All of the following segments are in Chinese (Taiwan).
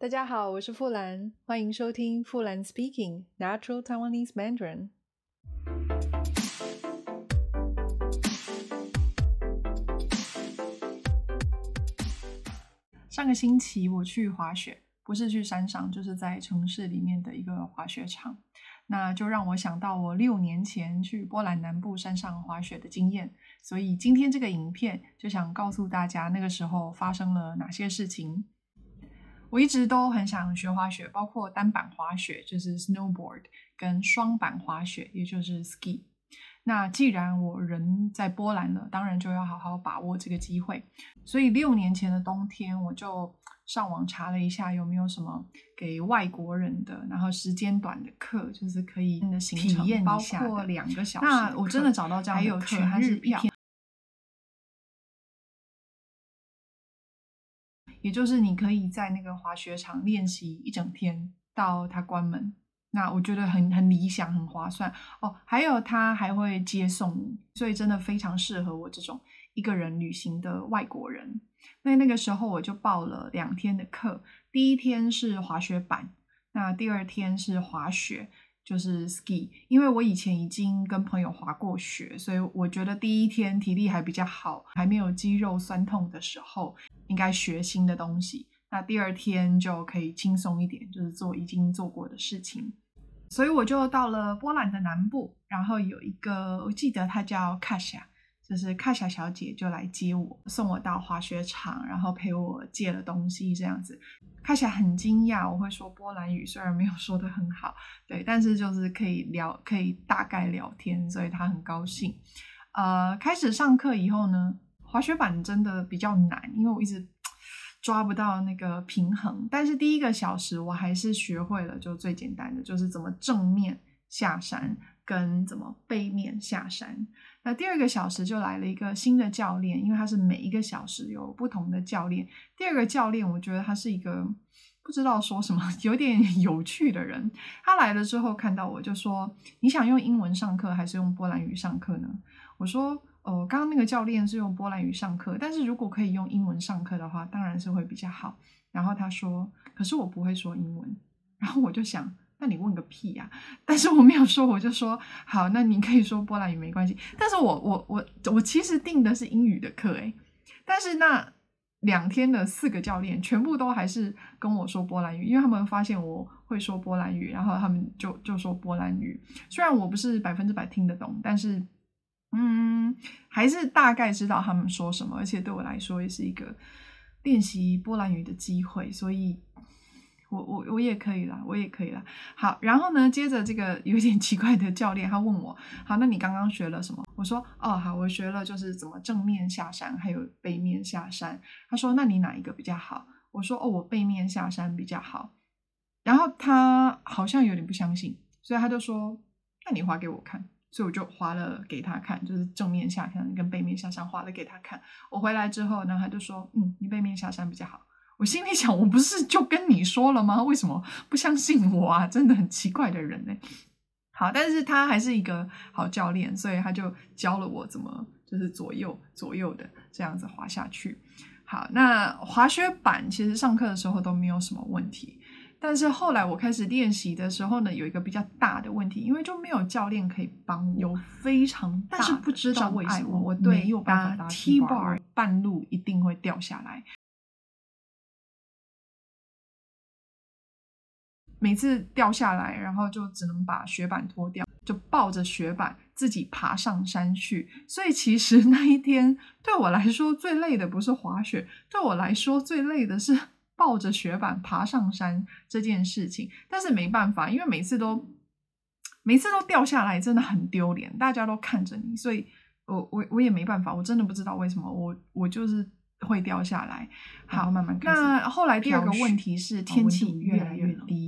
大家好，我是傅蘭，歡迎收聽傅蘭 Speaking Natural Taiwanese Mandarin。上個星期我去滑雪，不是去山上，就是在城市裡面的一個滑雪場。那就讓我想到我六年前去波蘭南部山上滑雪的經驗。所以今天這個影片就想告訴大家那個時候發生了哪些事情。我一直都很想學滑雪，包括單板滑雪，就是 snowboard，跟雙板滑雪，也就是 ski。那既然我人在波蘭了，當然就要好好把握這個機會。所以六年前的冬天，我就上網查了一下有沒有什麼給外國人的，然後時間短的課，就是可以、嗯、體驗一下的行程，嗯、體驗包括兩個小時。那我真的找到這樣的課，還有全日票。也就是你可以在那個滑雪場練習一整天到它關門，那我覺得很很理想，很划算哦。還有他還會接送你，所以真的非常適合我這種一個人旅行的外國人。那那個時候我就報了兩天的課，第一天是滑雪板，那第二天是滑雪。就是 ski，因為我以前已經跟朋友滑過雪，所以我覺得第一天體力還比較好，還沒有肌肉酸痛的時候，應該學新的東西。那第二天就可以輕鬆一點，就是做已經做過的事情。所以我就到了波蘭的南部，然後有一個，我記得它叫 Kasia。就是卡霞小姐就來接我，送我到滑雪場，然後陪我借了東西這樣子。卡霞很驚訝，我會說波蘭語，雖然沒有說得很好，對，但是就是可以聊，可以大概聊天，所以她很高興。呃，開始上課以後呢，滑雪板真的比較難，因為我一直抓不到那個平衡。但是第一個小時我還是學會了，就最簡單的，就是怎麼正面下山跟怎麼背面下山？那第二個小時就來了一個新的教練，因為他是每一個小時有不同的教練。第二個教練，我覺得他是一個不知道說什麼，有點有趣的人。他來了之後，看到我就說：“你想用英文上課還是用波蘭語上課呢？”我說：“哦、呃，剛剛那個教練是用波蘭語上課，但是如果可以用英文上課的話，當然是會比較好。”然後他說：“可是我不會說英文。”然後我就想。那你問個屁呀！啊，但是我沒有說，我就說好，那你可以說波蘭語沒關係。但是我我我我其實定的是英語的課哎，但是那兩天的四個教練全部都還是跟我說波蘭語，因為他們發現我會說波蘭語，然後他們就就說波蘭語。雖然我不是百分之百聽得懂，但是嗯，還是大概知道他們說什麼。而且對我來說也是一個練習波蘭語的機會，所以。我我我也可以啦，我也可以啦。好，然後呢，接着這個有點奇怪的教練，他問我，好，那你剛剛學了什麼？我說，哦，好，我學了就是怎麼正面下山，還有背面下山。他說，那你哪一個比較好？我說，哦，我背面下山比較好。然後他好像有點不相信，所以他就說，那你滑給我看。所以我就滑了給他看，就是正面下山跟背面下山滑了給他看。我回來之後呢，他就說，嗯，你背面下山比較好。我心裡想，我不是就跟你說了嗎？為什麼不相信我啊？真的很奇怪的人呢。好，但是他還是一個好教練，所以他就教了我怎麼就是左右左右的這樣子滑下去。好，那滑雪板其實上課的時候都沒有什麼問題，但是後來我開始練習的時候呢，有一個比較大的問題，因為就沒有教練可以幫我，有非常大的但是不知道為什麼，我對右半 T-bar 半路一定會掉下來。每次掉下來，然後就只能把雪板脫掉，就抱着雪板自己爬上山去。所以其實那一天對我來說最累的不是滑雪，對我來說最累的是抱着雪板爬上山這件事情。但是沒辦法，因為每次都每次都掉下來，真的很丟臉，大家都看着你，所以我我我也沒辦法，我真的不知道為什麼我我就是會掉下來。好，慢慢看。那後來第二個問題是天氣越來越低。哦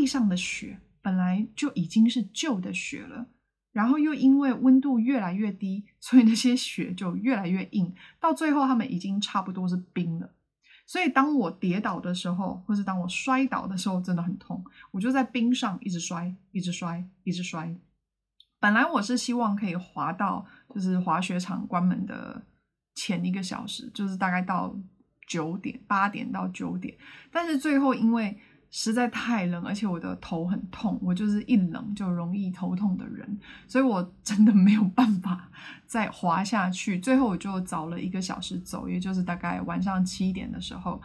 地上的雪本來就已經是舊的雪了，然後又因為溫度越來越低，所以那些雪就越來越硬，到最後他們已經差不多是冰了。所以當我跌倒的時候，或是當我摔倒的時候，真的很痛。我就在冰上一直摔，一直摔，一直摔。本來我是希望可以滑到就是滑雪場關門的前一個小時，就是大概到九點八點到九點，但是最後因為實在太冷，而且我的頭很痛，我就是一冷就容易頭痛的人，所以我真的沒有辦法再滑下去。最後我就早了一個小時走，也就是大概晚上七點的時候，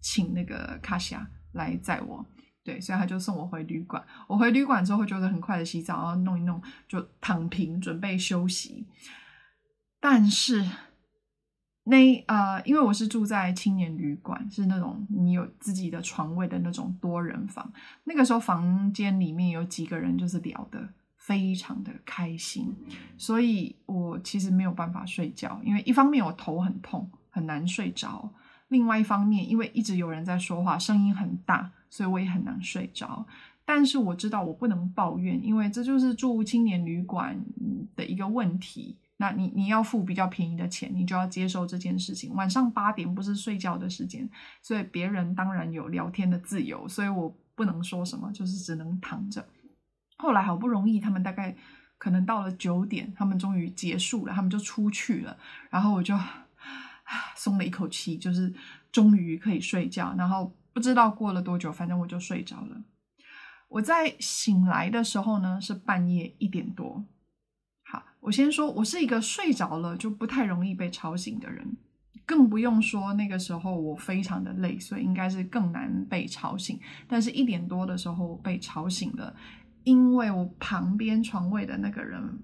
請那個卡霞來載我。對，所以他就送我回旅館。我回旅館之後，就是很快的洗澡，然後弄一弄，就躺平準備休息。但是。那呃，因為我是住在青年旅館，是那種你有自己的床位的那種多人房。那個時候，房間裡面有幾個人，就是聊得非常的開心，所以我其實沒有辦法睡覺，因為一方面我頭很痛，很難睡着，另外一方面，因為一直有人在說話，聲音很大，所以我也很難睡着。但是我知道我不能抱怨，因為這就是住青年旅館的一個問題。那你你要付比較便宜的錢，你就要接受這件事情。晚上八點不是睡覺的時間，所以別人當然有聊天的自由，所以我不能說什麼，就是只能躺着。後來好不容易，他們大概可能到了九點，他們終於結束了，他們就出去了，然後我就啊鬆了一口氣，就是終於可以睡覺。然後不知道過了多久，反正我就睡着了。我在醒來的時候呢，是半夜一點多。我先說，我是一個睡着了就不太容易被吵醒的人，更不用說那個時候我非常的累，所以應該是更難被吵醒。但是，一點多的時候我被吵醒了，因為我旁邊床位的那個人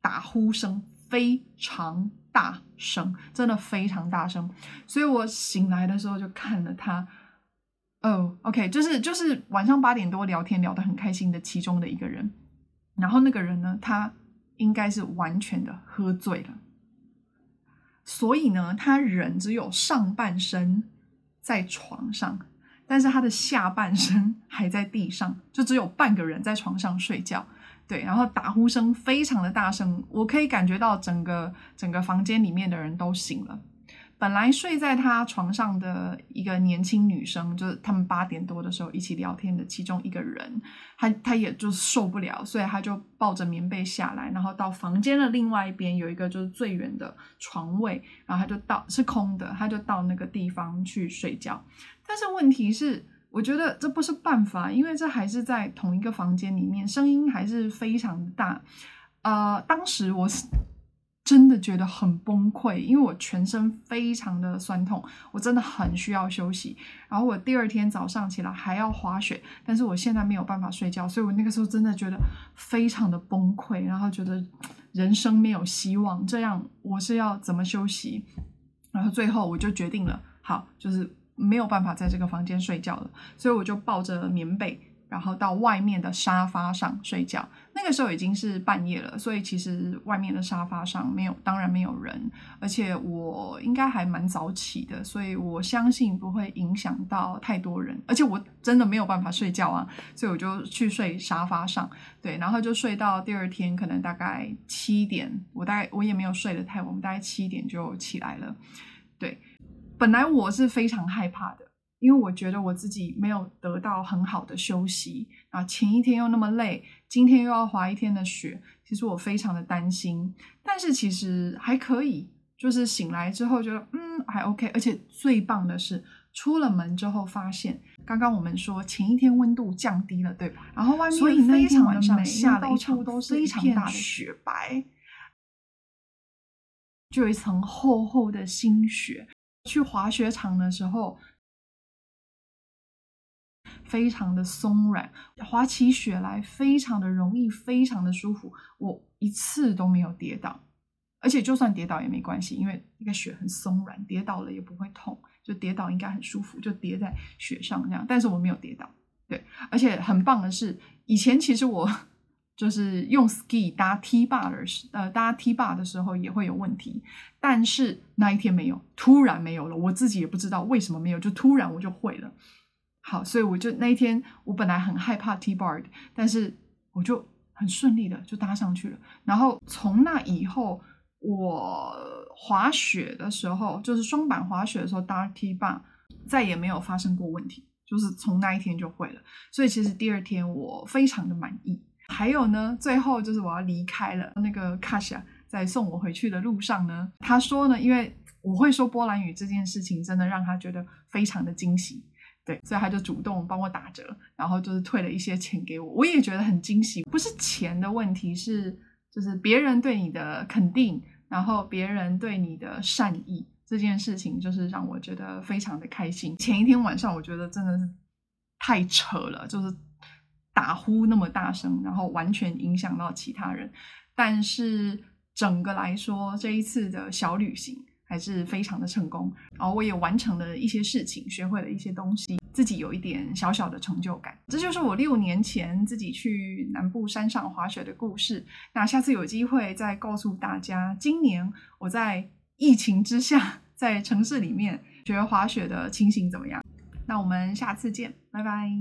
打呼聲非常大聲，真的非常大聲，所以我醒來的時候就看了他。哦，OK，就是就是晚上八點多聊天聊得很開心的其中的一個人，然後那個人呢，他。應該是完全的喝醉了，所以呢，他人只有上半身在床上，但是他的下半身還在地上，就只有半個人在床上睡覺。對，然後打呼聲非常的大聲，我可以感覺到整個整個房間裡面的人都醒了。本來睡在他床上的一個年輕女生，就是他們八點多的時候一起聊天的其中一個人，她她也就受不了，所以她就抱着棉被下來，然後到房間的另外一邊有一個就是最遠的床位，然後她就到是空的，她就到那個地方去睡覺。但是問題是，我覺得這不是辦法，因為這還是在同一個房間裡面，聲音還是非常大。呃，當時我。真的覺得很崩潰，因為我全身非常的酸痛，我真的很需要休息。然後我第二天早上起來還要滑雪，但是我現在沒有辦法睡覺，所以我那個時候真的覺得非常的崩潰，然後覺得人生沒有希望。這樣我是要怎麼休息？然後最後我就決定了，好，就是沒有辦法在這個房間睡覺了，所以我就抱着棉被。然後到外面的沙發上睡覺，那個時候已經是半夜了，所以其實外面的沙發上沒有，當然沒有人，而且我應該還蠻早起的，所以我相信不會影響到太多人，而且我真的沒有辦法睡覺啊，所以我就去睡沙發上，對，然後就睡到第二天可能大概七點，我大概我也沒有睡得太晚，我們大概七點就起來了，對，本來我是非常害怕的。因為我覺得我自己沒有得到很好的休息啊，前一天又那麼累，今天又要滑一天的雪，其實我非常的擔心。但是其實還可以，就是醒來之後覺得嗯還 OK，而且最棒的是出了門之後發現，剛剛我們說前一天溫度降低了對吧？然後外面所以非常的冷，下了一場非常大的雪白，就有一層厚厚的新雪。去滑雪場的時候。非常的鬆軟，滑起雪來非常的容易，非常的舒服。我一次都沒有跌倒，而且就算跌倒也沒關係，因為那個雪很鬆軟，跌倒了也不會痛，就跌倒應該很舒服，就跌在雪上這樣。但是我沒有跌倒，對。而且很棒的是，以前其實我就是用 ski 搭 T-bar 的，呃，搭 T-bar 的時候也會有問題，但是那一天沒有，突然沒有了，我自己也不知道為什麼沒有，就突然我就會了。好，所以我就那一天，我本來很害怕 T bar，但是我就很順利的就搭上去了。然後從那以後，我滑雪的時候，就是雙板滑雪的時候搭 T bar，再也沒有發生過問題。就是從那一天就會了。所以其實第二天我非常的滿意。還有呢，最後就是我要離開了，那個卡 a 在送我回去的路上呢，他說呢，因為我會說波蘭語這件事情，真的讓他覺得非常的驚喜。對，所以他就主動幫我打折，然後就是退了一些錢給我，我也覺得很驚喜。不是錢的問題，是就是別人對你的肯定，然後別人對你的善意，這件事情就是讓我覺得非常的開心。前一天晚上我覺得真的是太扯了，就是打呼那麼大聲，然後完全影響到其他人。但是整個來說，這一次的小旅行，還是非常的成功，然後我也完成了一些事情，學會了一些東西，自己有一點小小的成就感。這就是我六年前自己去南部山上滑雪的故事。那下次有機會再告訴大家，今年我在疫情之下，在城市裡面學滑雪的情形怎麼樣？那我們下次見，拜拜。